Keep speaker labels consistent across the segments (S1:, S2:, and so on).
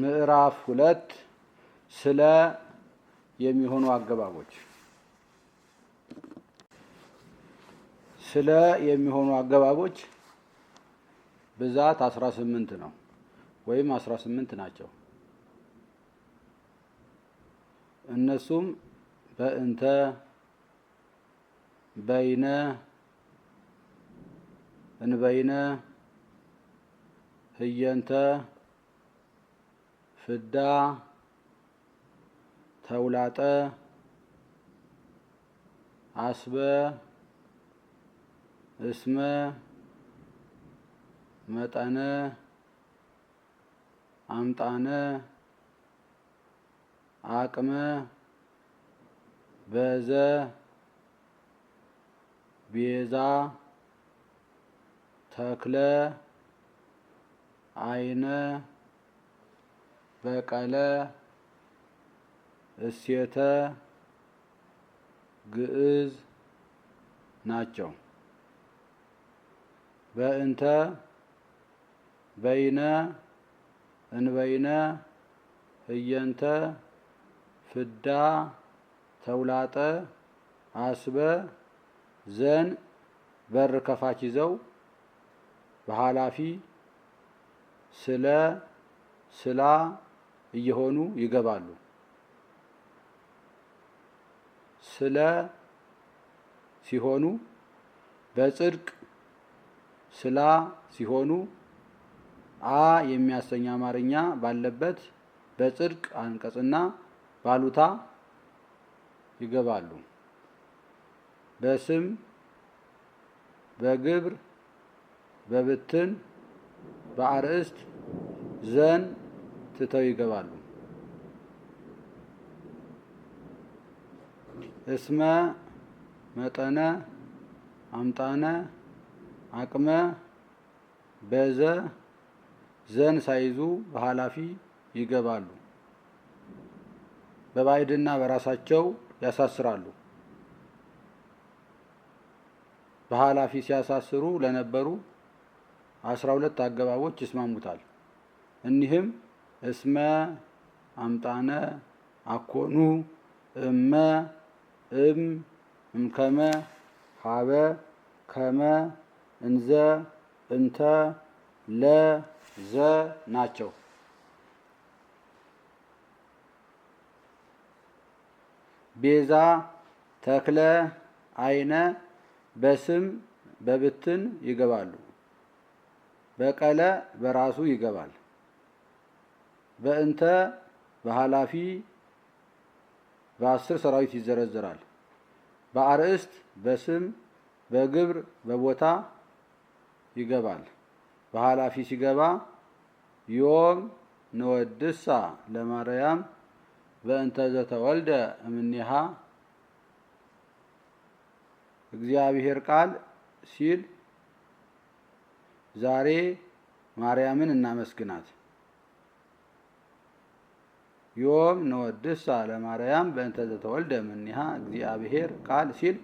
S1: ምዕራፍ ሁለት ስለ የሚሆኑ አገባቦች ስለ የሚሆኑ አገባቦች ብዛት 18 ነው ወይም 18 ናቸው። እነሱም በእንተ፣ በይነ፣ እንበይነ፣ ህየንተ ፍዳ ተውላጠ አስበ እስመ መጠነ አምጣነ አቅመ በዘ ቤዛ ተክለ አይነ በቀለ እሴተ ግዕዝ ናቸው። በእንተ በይነ እንበይነ ህየንተ ፍዳ ተውላጠ አስበ ዘን በር ከፋች ይዘው በኃላፊ ስለ ስላ እየሆኑ ይገባሉ። ስለ ሲሆኑ በጽድቅ ስላ ሲሆኑ አ የሚያሰኝ አማርኛ ባለበት በጽድቅ አንቀጽና ባሉታ ይገባሉ። በስም በግብር በብትን በአርእስት ዘን ትተው ይገባሉ። እስመ መጠነ አምጣነ አቅመ በዘ ዘን ሳይዙ በኃላፊ ይገባሉ። በባይድና በራሳቸው ያሳስራሉ። በኃላፊ ሲያሳስሩ ለነበሩ አስራ ሁለት አገባቦች ይስማሙታል። እኒህም እስመ አምጣነ አኮኑ እመ እም እምከመ ሀበ ከመ እንዘ እንተ ለዘ ናቸው። ቤዛ ተክለ አይነ በስም በብትን ይገባሉ። በቀለ በራሱ ይገባል። በእንተ በኃላፊ በአስር ሰራዊት ይዘረዘራል። በአርእስት በስም በግብር በቦታ ይገባል። በኃላፊ ሲገባ ዮም ንወድሳ ለማርያም በእንተ ዘተወልደ እምኔሃ እግዚአብሔር ቃል ሲል ዛሬ ማርያምን እናመስግናት። ዮም አለ ማርያም በእንተ ዘተወልደ እምኔሃ እግዚአብሔር ቃል ሲል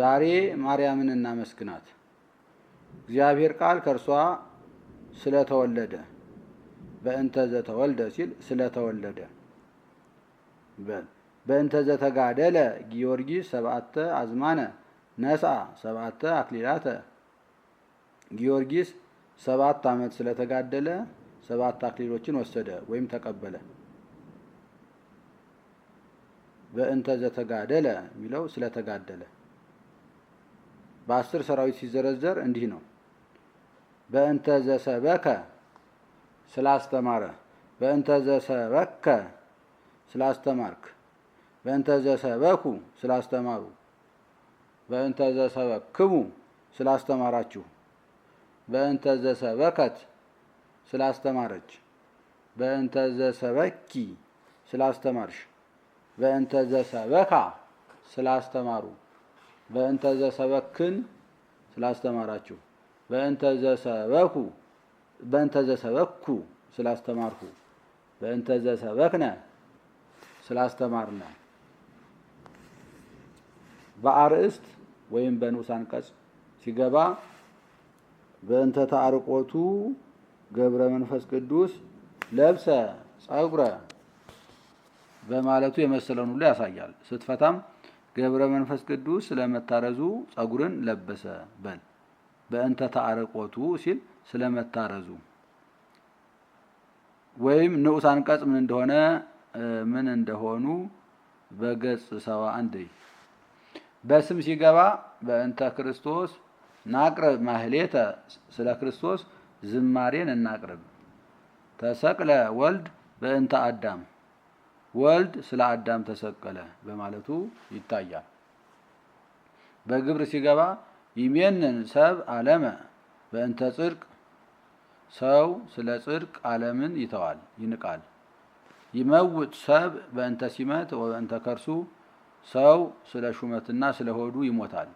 S1: ዛሬ ማርያምን እናመስግናት። እግዚአብሔር ቃል ከእርሷ ስለተወለደ በእንተ ዘተወልደ ሲል ስለተወለደ በእንተ ዘተጋደለ ጊዮርጊስ ሰብአተ አዝማነ ነሳ ሰብአተ አክሊላተ ጊዮርጊስ ሰባት ዓመት ስለተጋደለ ሰባት አክሊሎችን ወሰደ ወይም ተቀበለ። በእንተ ዘተጋደለ የሚለው ስለተጋደለ በአስር ሰራዊት ሲዘረዘር እንዲህ ነው። በእንተ ዘሰበከ ስላስተማረ፣ በእንተ ዘሰበከ ስላስተማርክ፣ በእንተ ዘሰበኩ ስላስተማሩ፣ በእንተ ዘሰበክሙ ስላስተማራችሁ፣ በእንተ ዘሰበከት ስላስተማረች፣ በእንተ ዘሰበኪ ስላስተማርሽ በእንተዘ ሰበካ ስላስተማሩ በእንተዘ ሰበክን ስላስተማራችሁ በእንተዘ ሰበኩ በእንተዘ ሰበኩ ስላስተማርኩ በእንተዘ ሰበክነ ስላስተማርነ በአርእስት ወይም በንዑስ አንቀጽ ሲገባ በእንተ ታርቆቱ ገብረ መንፈስ ቅዱስ ለብሰ ጸጉረ በማለቱ የመሰለውን ሁሉ ያሳያል። ስትፈታም ገብረ መንፈስ ቅዱስ ስለመታረዙ ጸጉርን ለበሰ በል በእንተ ተአረቆቱ ሲል ስለመታረዙ ወይም ንዑስ አንቀጽ ምን እንደሆነ ምን እንደሆኑ በገጽ ሰባ አንድ በስም ሲገባ በእንተ ክርስቶስ ናቅርብ ማህሌተ ስለ ክርስቶስ ዝማሬን እናቅርብ ተሰቅለ ወልድ በእንተ አዳም ወልድ ስለ አዳም ተሰቀለ በማለቱ ይታያል። በግብር ሲገባ ይሜንን ሰብ አለመ በእንተ ጽድቅ ሰው ስለ ጽድቅ ዓለምን ይተዋል ይንቃል። ይመውጥ ሰብ በእንተ ሲመት ወበእንተ ከርሱ ሰው ስለ ሹመትና ስለ ሆዱ ይሞታል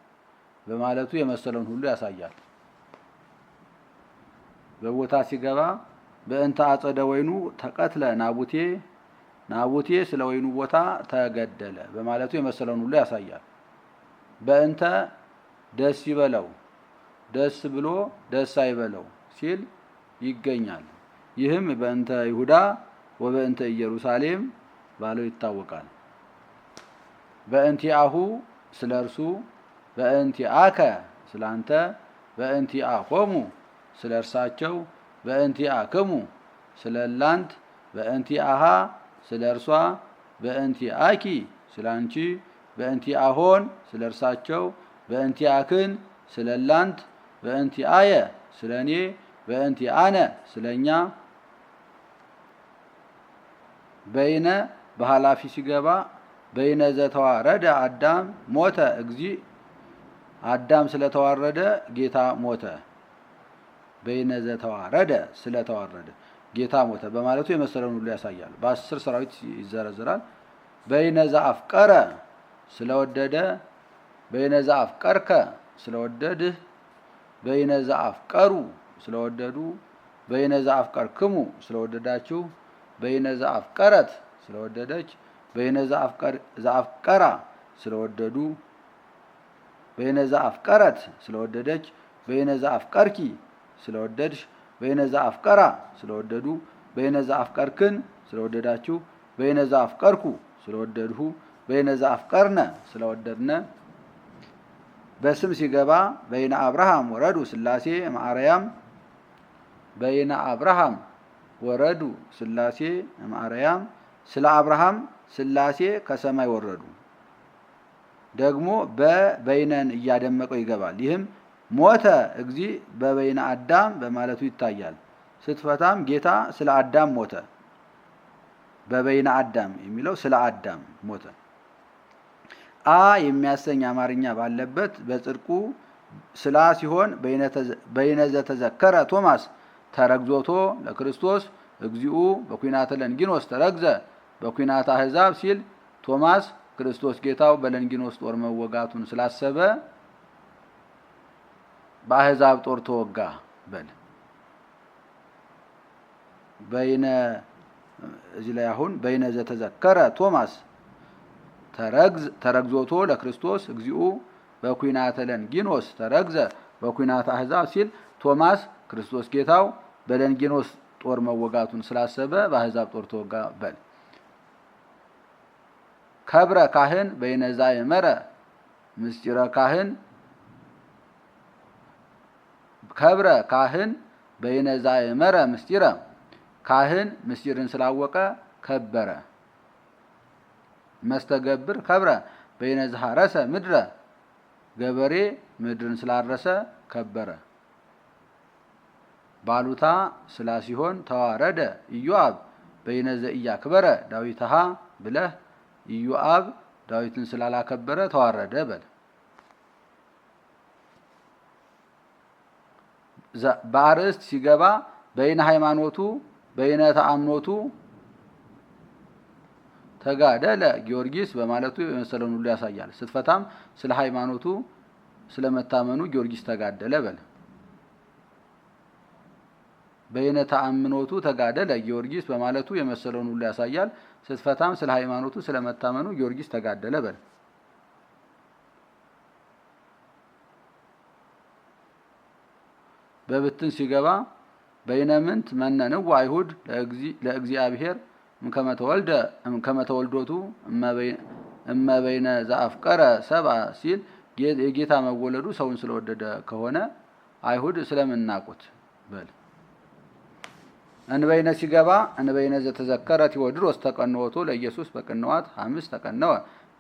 S1: በማለቱ የመሰለውን ሁሉ ያሳያል። በቦታ ሲገባ በእንተ አጸደ ወይኑ ተቀትለ ናቡቴ ናቡቴ ስለ ወይኑ ቦታ ተገደለ በማለቱ የመሰለውን ሁሉ ያሳያል። በእንተ ደስ ይበለው ደስ ብሎ ደስ አይበለው ሲል ይገኛል። ይህም በእንተ ይሁዳ ወበእንተ ኢየሩሳሌም ባለው ይታወቃል። በእንቲአሁ ስለ እርሱ፣ በእንቲአከ ስለ አንተ፣ በእንቲአኮሙ ስለ እርሳቸው፣ በእንቲአክሙ ስለ ላንት፣ በእንቲአሃ ስለ እርሷ በእንቲ አኪ ስለ አንቺ በእንቲ አሆን ስለ እርሳቸው በእንቲ አክን ስለ ላንት በእንቲ አየ ስለ እኔ በእንቲ አነ ስለ እኛ በይነ በኃላፊ ሲገባ በይነ ዘተዋረደ አዳም ሞተ እግዚ አዳም ስለተዋረደ ጌታ ሞተ። በይነ ዘተዋረደ ስለተዋረደ ጌታ ሞተ በማለቱ የመሰለውን ሁሉ ያሳያል። በአስር ሰራዊት ይዘረዝራል። በይነዛ አፍቀረ ስለወደደ፣ በይነዛ አፍቀርከ ስለወደድህ፣ በይነዛ አፍቀሩ ስለወደዱ፣ በይነዛ አፍቀርክሙ ስለወደዳችሁ፣ በይነዛ አፍቀረት ስለወደደች፣ በይነዛ አፍቀራ ስለወደዱ፣ በይነዛ አፍቀረት ስለወደደች፣ በይነዛ አፍቀርኪ ስለወደድሽ በይነዛ አፍቀራ ስለወደዱ በይነዛ አፍቀርክን ስለወደዳችሁ በይነዛ አፍቀርኩ ስለወደድሁ በይነዛ አፍቀርነ ስለወደድነ በስም ሲገባ በይነ አብርሃም ወረዱ ስላሴ ማርያም በይነ አብርሃም ወረዱ ስላሴ ማርያም ስለ አብርሃም ስላሴ ከሰማይ ወረዱ። ደግሞ በበይነን እያደመቀው ይገባል። ይህም ሞተ እግዚ በበይነ አዳም በማለቱ ይታያል። ስትፈታም ጌታ ስለ አዳም ሞተ። በበይነ አዳም የሚለው ስለ አዳም ሞተ አ የሚያሰኝ አማርኛ ባለበት በጽድቁ ስላ ሲሆን በይነ ዘተዘከረ ቶማስ ተረግዞቶ ለክርስቶስ እግዚኡ በኩናተ ለንጊኖስ ተረግዘ በኩናተ አህዛብ ሲል ቶማስ ክርስቶስ ጌታው በለንጊኖስ ጦር መወጋቱን ስላሰበ በአህዛብ ጦር ተወጋ በል በይነ እዚህ ላይ አሁን በይነ ዘተዘከረ ቶማስ ተረግዝ ተረግዞቶ ለክርስቶስ እግዚኡ በኩናተ ለንጊኖስ ተረግዘ በኩናተ አህዛብ ሲል ቶማስ ክርስቶስ ጌታው በለንጊኖስ ጦር መወጋቱን ስላሰበ በአህዛብ ጦር ተወጋ በል ከብረ ካህን በይነዛ የመረ ምስጢረ ካህን ከብረ ካህን በይነዛ የመረ ምስጢረ ካህን ምስጢርን ስላወቀ ከበረ። መስተገብር ከብረ በይነዛ ረሰ ምድረ ገበሬ ምድርን ስላረሰ ከበረ። ባሉታ ስላ ሲሆን ተዋረደ ኢዮአብ በይነዘ እያክበረ ዳዊትሃ ብለህ ኢዮአብ ዳዊትን ስላላከበረ ተዋረደ በል። በአርእስት ሲገባ በይነ ሃይማኖቱ በይነ ተአምኖቱ ተጋደለ ጊዮርጊስ በማለቱ የመሰለውን ሁሉ ያሳያል። ስትፈታም ስለ ሃይማኖቱ ስለመታመኑ ጊዮርጊስ ተጋደለ በለ። በይነ ተአምኖቱ ተጋደለ ጊዮርጊስ በማለቱ የመሰለውን ሁሉ ያሳያል። ስትፈታም ስለ ሃይማኖቱ ስለመታመኑ ጊዮርጊስ ተጋደለ በለ። በብትን ሲገባ በይነምንት መነንው አይሁድ ለእግዚአብሔር እምከመተወልደ እምከመተወልዶቱ እመበይነ ዘአፍቀረ ሰብአ ሲል የጌታ መወለዱ ሰውን ስለወደደ ከሆነ አይሁድ ስለምናቁት በል እንበይነ ሲገባ እንበይነ ዘተዘከረ ቴዎድሮስ ተቀንወቶ ለኢየሱስ በቅንዋት ሐምስ ተቀነወ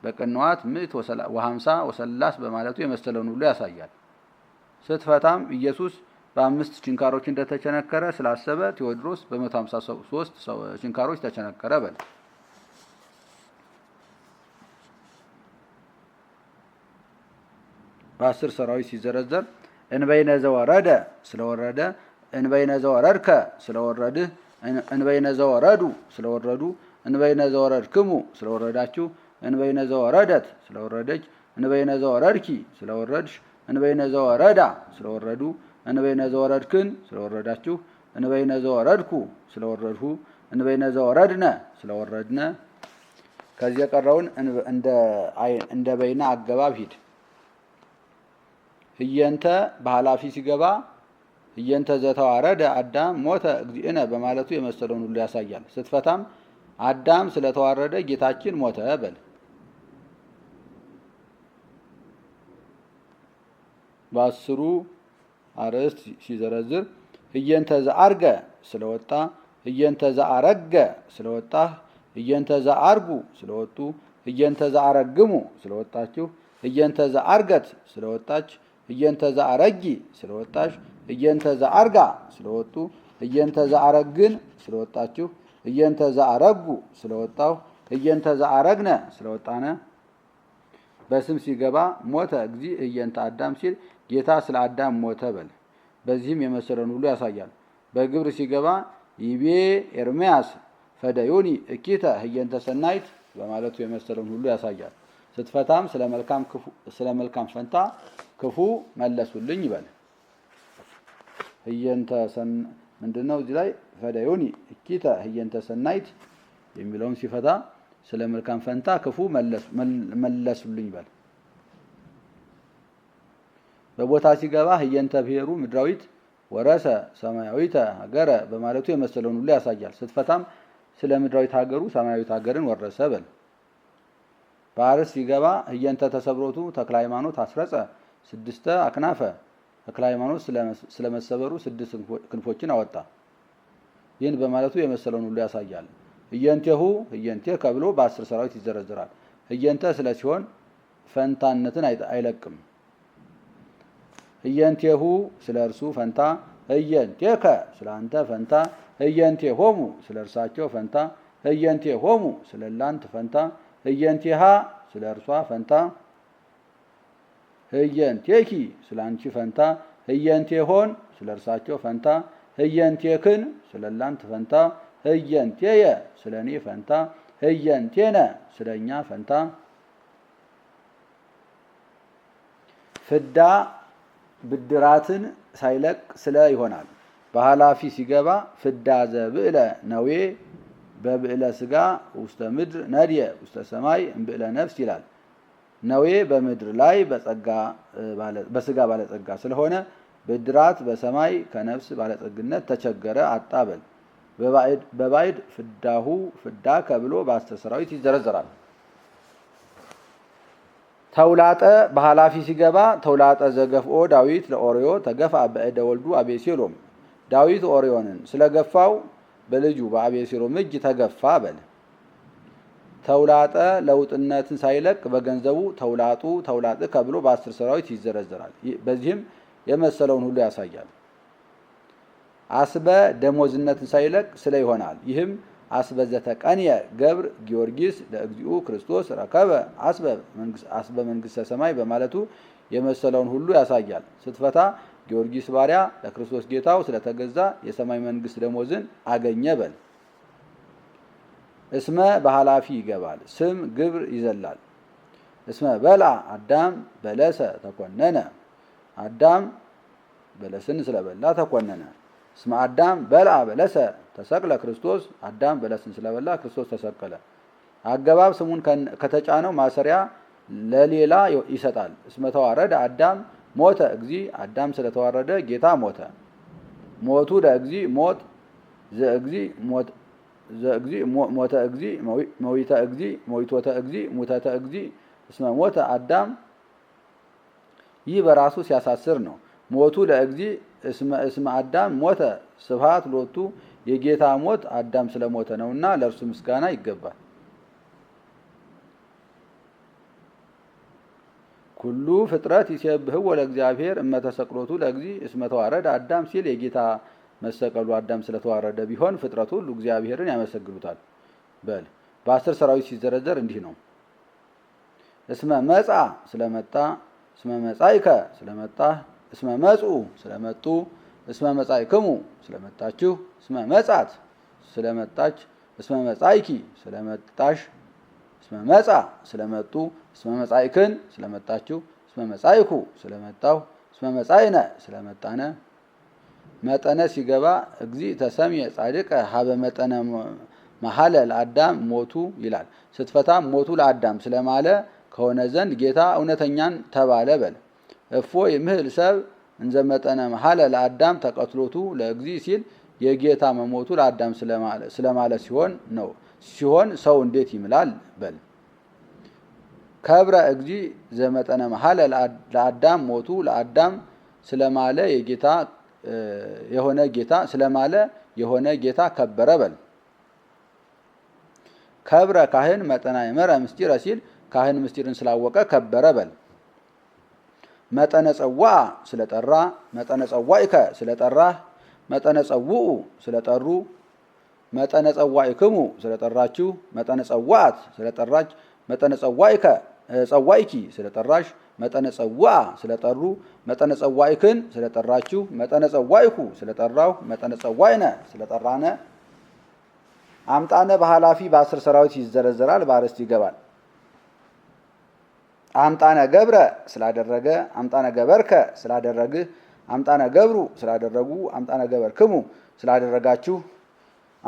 S1: በቅንዋት ምዕት ወሀምሳ ወሰላስ በማለቱ የመሰለውን ሁሉ ያሳያል። ስትፈታም ኢየሱስ በአምስት ችንካሮች እንደተቸነከረ ስላሰበ ቴዎድሮስ በ153 ችንካሮች ተቸነከረ በል። በአስር ሰራዊት ሲዘረዘር እንበይነ ዘወረደ ስለወረደ እንበይነ ዘወረድከ ስለወረድህ እንበይነ ዘወረዱ ስለወረዱ እንበይነ ዘወረድክሙ ስለወረዳችሁ እንበይነ ዘወረደት ስለወረደች እንበይነ ዘወረድኪ ስለወረድሽ እንበይነ ዘወረዳ ስለወረዱ እንበይነ ዘወረድክን ስለወረዳችሁ፣ እንበይነ ዘወረድኩ ስለወረድሁ፣ እንበይነ ዘወረድነ ስለወረድነ። ከዚህ የቀረውን እንደ በይነ አገባብ ሂድ። ህየንተ በኃላፊ ሲገባ ህየንተ ዘተዋረደ አዳም ሞተ እግዚእነ በማለቱ የመሰለውን ሁሉ ያሳያል። ስትፈታም አዳም ስለተዋረደ ጌታችን ሞተ በል። በአስሩ አርእስት ሲዘረዝር እየንተዛ አርገ ስለወጣ እየንተዛ አረገ ስለወጣ እየንተዛ አርጉ ስለወጡ እየንተዛ አረግሙ ስለወጣችሁ እየንተዛ አርገት ስለወጣች እየንተዛ አረጊ ስለወጣች እየንተዛ አርጋ ስለወጡ እየንተ አረግን ስለወጣችሁ እየንተዛ አረጉ ስለወጣሁ እየንተዛ አረግነ ስለወጣነ በስም ሲገባ ሞተ እግዚእ እየንተ አዳም ሲል ጌታ ስለ አዳም ሞተ በል በዚህም የመሰለን ሁሉ ያሳያል። በግብር ሲገባ ይቤ ኤርሚያስ ፈደዩኒ እኪተ ህየንተ ሰናይት በማለቱ የመሰለን ሁሉ ያሳያል። ስትፈታም ስለ መልካም ፈንታ ክፉ መለሱልኝ ይበል። ህየንተ ምንድነው እዚህ ላይ ፈደዩኒ እኪተ ህየንተ ሰናይት የሚለውን ሲፈታ ስለ መልካም ፈንታ ክፉ መለሱልኝ ይበል። በቦታ ሲገባ ህየንተ ብሔሩ ምድራዊት ወረሰ ሰማያዊተ ሀገረ በማለቱ የመሰለውን ሁሉ ያሳያል። ስትፈታም ስለ ምድራዊት ሀገሩ ሰማያዊት ሀገርን ወረሰ በል። በአርስ ሲገባ ህየንተ ተሰብሮቱ ተክለ ሃይማኖት አስረጸ ስድስተ አክናፈ ተክለ ሃይማኖት ስለመሰበሩ ስድስት ክንፎችን አወጣ። ይህን በማለቱ የመሰለውን ሁሉ ያሳያል። ህየንቴሁ ህየንቴ ከብሎ በአስር ሰራዊት ይዘረዝራል። ህየንተ ስለ ሲሆን ፈንታነትን አይለቅም። እየንቴሁ ስለ እርሱ ፈንታ እየንቴከ ስለ አንተ ፈንታ ሆሙ ስለ እርሳቸው ፈንታ ሆሙ ስለ ላንት ፈንታ እየንቴሃ ስለ እርሷ ፈንታ እየንቴኪ ስለ አንቺ ፈንታ ሆን ስለ እርሳቸው ፈንታ እየንቴክን ስለ ላንት ፈንታ እየንቴየ ስለ እኔ ፈንታ እየንቴነ ስለ እኛ ፈንታ ፍዳ ብድራትን ሳይለቅ ስለ ይሆናል። በኃላፊ ሲገባ ፍዳ ዘብዕለ ነዌ በብዕለ ስጋ ውስተ ምድር ነድየ ውስተ ሰማይ እምብዕለ ነፍስ ይላል። ነዌ በምድር ላይ በስጋ ባለጸጋ ስለሆነ ብድራት በሰማይ ከነፍስ ባለጸግነት ተቸገረ አጣበል በባይድ ፍዳሁ ፍዳ ከብሎ በአስተሰራዊት ይዘረዘራል። ተውላጠ በኃላፊ ሲገባ ተውላጠ ዘገፍኦ ዳዊት ለኦርዮ ተገፋ በእደ ወልዱ አቤሴሎም ዳዊት ኦርዮንን ስለገፋው በልጁ በአቤሴሎም እጅ ተገፋ በል። ተውላጠ ለውጥነትን ሳይለቅ በገንዘቡ ተውላጡ ተውላጥ ከብሎ በአስር ሰራዊት ይዘረዘራል። በዚህም የመሰለውን ሁሉ ያሳያል። አስበ ደሞዝነትን ሳይለቅ ስለ ይሆናል። ይህም አስበዘተ ቀንየ ገብር ጊዮርጊስ ለእግዚኡ ክርስቶስ ረከበ አስበ መንግስተ ሰማይ በማለቱ የመሰለውን ሁሉ ያሳያል። ስትፈታ ጊዮርጊስ ባሪያ ለክርስቶስ ጌታው ስለተገዛ የሰማይ መንግስት ደሞዝን አገኘ በል። እስመ በኃላፊ ይገባል፣ ስም ግብር ይዘላል። እስመ በላ አዳም በለሰ ተኮነነ፣ አዳም በለስን ስለበላ ተኮነነ። እስመ አዳም በልአ በለሰ ተሰቅለ ክርስቶስ አዳም በለስን ስለበላ ክርስቶስ ተሰቀለ። አገባብ ስሙን ከተጫነው ማሰሪያ ለሌላ ይሰጣል። እስመ ተዋረደ አዳም ሞተ እግዚ አዳም ስለተዋረደ ጌታ ሞተ። ሞቱ ለእግዚ ሞት ዘእግዚ ሞት ዘእግዚ ሞተ እግዚ መዊተ እግዚ መዊቶተ እግዚ ሙተተ እግዚ እስመ ሞተ አዳም ይህ በራሱ ሲያሳስር ነው። ሞቱ ለእግዚ እስመ አዳም ሞተ ስብሐት ሎቱ የጌታ ሞት አዳም ስለሞተ ነውና ለእርሱ ምስጋና ይገባል። ኩሉ ፍጥረት ይሴብህው ወለ እግዚአብሔር እመተሰቅሎቱ ለእግዚ እስመ ተዋረደ አዳም ሲል የጌታ መሰቀሉ አዳም ስለተዋረደ ቢሆን ፍጥረት ሁሉ እግዚአብሔርን ያመሰግኑታል። በል በአስር ሰራዊት ሲዘረዘር እንዲህ ነው። እስመ መጻ ስለመጣ እስመ መጻይከ ስለመጣ እስመ መጽኡ ስለመጡ፣ እስመ መጻእክሙ ስለመጣችሁ፣ እስመ መጻት ስለመጣች፣ እስመ መጻእኪ ስለመጣሽ፣ እስመ መጻ ስለመጡ፣ እስመ መጻእክን ስለመጣችሁ፣ እስመ መጻእኩ ስለመጣሁ፣ እስመ መጻእነ ስለመጣነ መጠነ ሲገባ እግዚ ተሰምየ ጻድቀ ሀበ መጠነ መሀለ ለአዳም ሞቱ ይላል። ስትፈታ ሞቱ ለአዳም ስለማለ ከሆነ ዘንድ ጌታ እውነተኛን ተባለ በል እፎ ይምህል ሰብ እንዘመጠነ መጠነ ለአዳም ተቀትሎቱ ለእግዚ ሲል የጌታ መሞቱ ለአዳም ስለማለ ሲሆን ነው። ሲሆን ሰው እንዴት ይምላል በል ከብረ እግዚ ዘመጠነ መሐለ ለአዳም ሞቱ ለአዳም ስለማለ የጌታ የሆነ ጌታ ስለማለ የሆነ ጌታ ከበረ በል ከብረ ካህን መጠና የመረ ምስጢረ ሲል ካህን ምስጢርን ስላወቀ ከበረ በል መጠነ ጸዋ ስለጠራ መጠነ ጸዋኢከ ስለጠራ መጠነ ጸውኡ ስለጠሩ መጠነ ጸዋኢክሙ ስለጠራችሁ መጠነ ጸዋት ስለጠራች መጠነ ጸዋኢከ ጸዋኢኪ ስለጠራሽ መጠነ ጸዋ ስለጠሩ መጠነ ጸዋኢክን ስለጠራችሁ መጠነ ጸዋኢኩ ስለጠራሁ መጠነ ጸዋይነ ስለጠራነ አምጣነ በኃላፊ በአስር ሰራዊት ይዘረዘራል፣ በአርዕስት ይገባል። አምጣነ ገብረ ስላደረገ አምጣነ ገበርከ ስላደረግህ አምጣነ ገብሩ ስላደረጉ አምጣነ ገበርክሙ ስላደረጋችሁ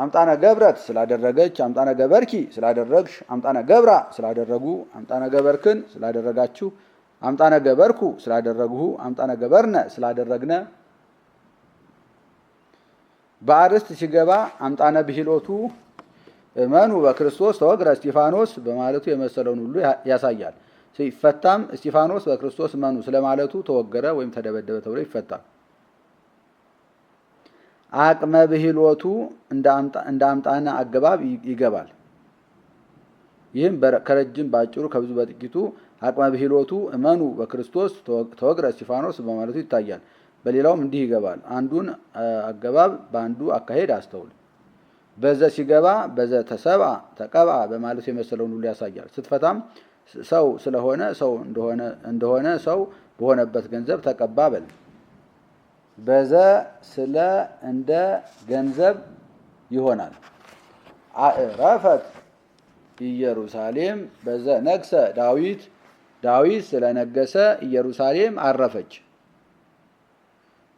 S1: አምጣነ ገብረት ስላደረገች አምጣነ ገበርኪ ስላደረግሽ አምጣነ ገብራ ስላደረጉ አምጣነ ገበርክን ስላደረጋችሁ አምጣነ ገበርኩ ስላደረግሁ አምጣነ ገበርነ ስላደረግነ በአርስት ሲገባ አምጣነ ብሂሎቱ እመኑ በክርስቶስ ተወግረ እስጢፋኖስ በማለቱ የመሰለውን ሁሉ ያሳያል። ሲፈታም እስጢፋኖስ በክርስቶስ መኑ ስለማለቱ ተወገረ ወይም ተደበደበ ተብሎ ይፈታል። አቅመ ብሂሎቱ እንደ አምጣና አገባብ ይገባል። ይህም ከረጅም በአጭሩ ከብዙ በጥቂቱ አቅመ ብሂሎቱ እመኑ በክርስቶስ ተወግረ እስጢፋኖስ በማለቱ ይታያል። በሌላውም እንዲህ ይገባል። አንዱን አገባብ በአንዱ አካሄድ አስተውል። በዘ ሲገባ በዘ ተሰባ ተቀባ በማለቱ የመሰለውን ሁሉ ያሳያል። ስትፈታም ሰው ስለሆነ ሰው እንደሆነ እንደሆነ ሰው በሆነበት ገንዘብ ተቀባ በል። በዘ ስለ እንደ ገንዘብ ይሆናል። አዕረፈት ኢየሩሳሌም በዘ ነግሰ ዳዊት ዳዊት ስለነገሰ ኢየሩሳሌም አረፈች።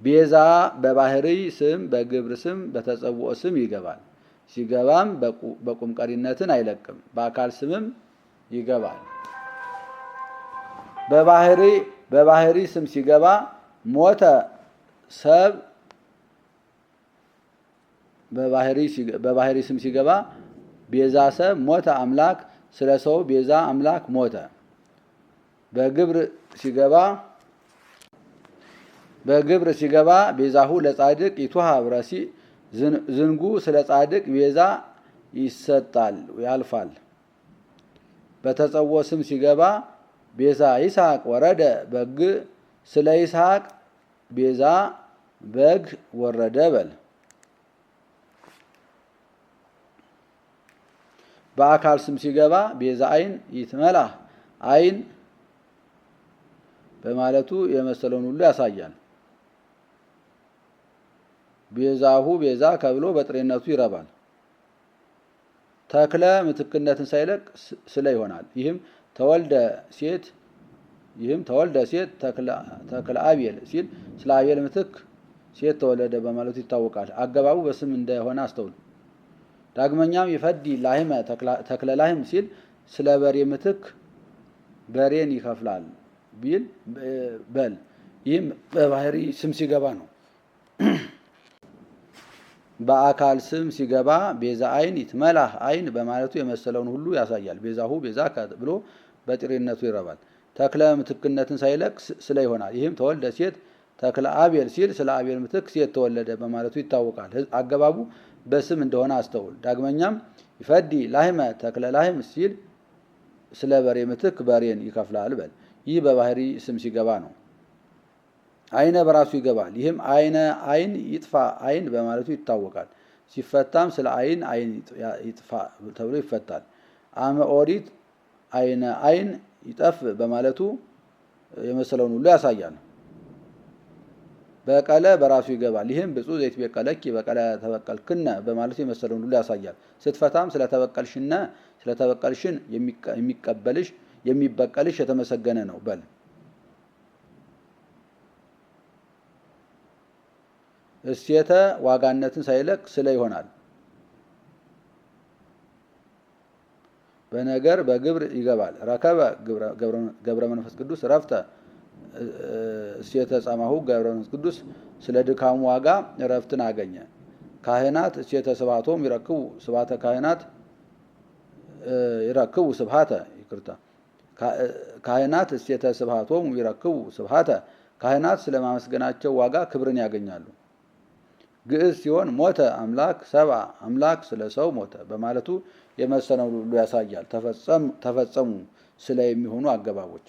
S1: ቤዛ በባህርይ ስም በግብር ስም በተጸውኦ ስም ይገባል። ሲገባም በቁምቀሪነትን አይለቅም። በአካል ስምም ይገባል። በባህሪ በባህሪ ስም ሲገባ ሞተ ሰብ በባህሪ ስም ሲገባ ቤዛ ሰብ ሞተ አምላክ ስለ ሰው ቤዛ አምላክ ሞተ። በግብር ሲገባ በግብር ሲገባ ቤዛሁ ለጻድቅ ይቱሃብ ረሲ ዝንጉ ስለ ጻድቅ ቤዛ ይሰጣል ያልፋል። በተጸዎ ስም ሲገባ ቤዛ ይስሐቅ ወረደ በግ ስለ ይስሐቅ ቤዛ በግ ወረደ በል። በአካል ስም ሲገባ ቤዛ አይን ይትመላ አይን በማለቱ የመሰለውን ሁሉ ያሳያል። ቤዛሁ ቤዛ ከብሎ በጥሬነቱ ይረባል። ተክለ ምትክነትን ሳይለቅ ስለ ይሆናል። ይህም ተወልደ ሴት ይህም ተወልደ ሴት ተክለ አቤል ሲል ስለ አቤል ምትክ ሴት ተወለደ በማለቱ ይታወቃል። አገባቡ በስም እንደሆነ አስተውል። ዳግመኛም ይፈዲ ላህመ ተክለ ላህም ሲል ስለ በሬ ምትክ በሬን ይከፍላል ቢል በል ይህም በባህሪ ስም ሲገባ ነው። በአካል ስም ሲገባ ቤዛ አይን ይትመላህ አይን በማለቱ የመሰለውን ሁሉ ያሳያል። ቤዛሁ ቤዛ ብሎ በጥሪነቱ ይረባል። ተክለ ምትክነትን ሳይለቅ ስለ ይሆናል። ይህም ተወልደ ሴት ተክለ አቤል ሲል ስለ አቤል ምትክ ሴት ተወለደ በማለቱ ይታወቃል። አገባቡ በስም እንደሆነ አስተውል። ዳግመኛም ይፈዲ ላህመ ተክለ ላህም ሲል ስለ በሬ ምትክ በሬን ይከፍላል በል። ይህ በባህሪ ስም ሲገባ ነው። አይነ በራሱ ይገባል። ይህም አይነ አይን ይጥፋ አይን በማለቱ ይታወቃል። ሲፈታም ስለ አይን አይን ይጥፋ ተብሎ ይፈታል። አመ ኦሪት አይነ አይን ይጠፍ በማለቱ የመሰለውን ሁሉ ያሳያል። በቀለ በራሱ ይገባል። ይህም ብፁዕ ዘይት ቤቀለኪ በቀለ ተበቀልክነ በማለቱ የመሰለውን ሁሉ ያሳያል። ስትፈታም ስለተበቀልሽነ ስለተበቀልሽን የሚቀበልሽ የሚበቀልሽ የተመሰገነ ነው በል እሴተ ዋጋነትን ሳይለቅ ስለ ይሆናል። በነገር በግብር ይገባል። ረከበ ገብረ መንፈስ ቅዱስ ረፍተ እሴተ ጸማሁ ገብረ መንፈስ ቅዱስ ስለ ድካሙ ዋጋ ረፍትን አገኘ። ካህናት እሴተ ስብሐቶም ይረክቡ ስብሐተ ካህናት ይረክቡ ስብሐተ ይቅርታ ካህናት እሴተ ስብሐቶም ይረክቡ ስብሐተ ካህናት ስለማመስገናቸው ዋጋ ክብርን ያገኛሉ። ግዕዝ ሲሆን ሞተ አምላክ ሰብአ አምላክ ስለ ሰው ሞተ በማለቱ የመሰነው ሁሉ ያሳያል። ተፈጸሙ ስለ የሚሆኑ አገባቦች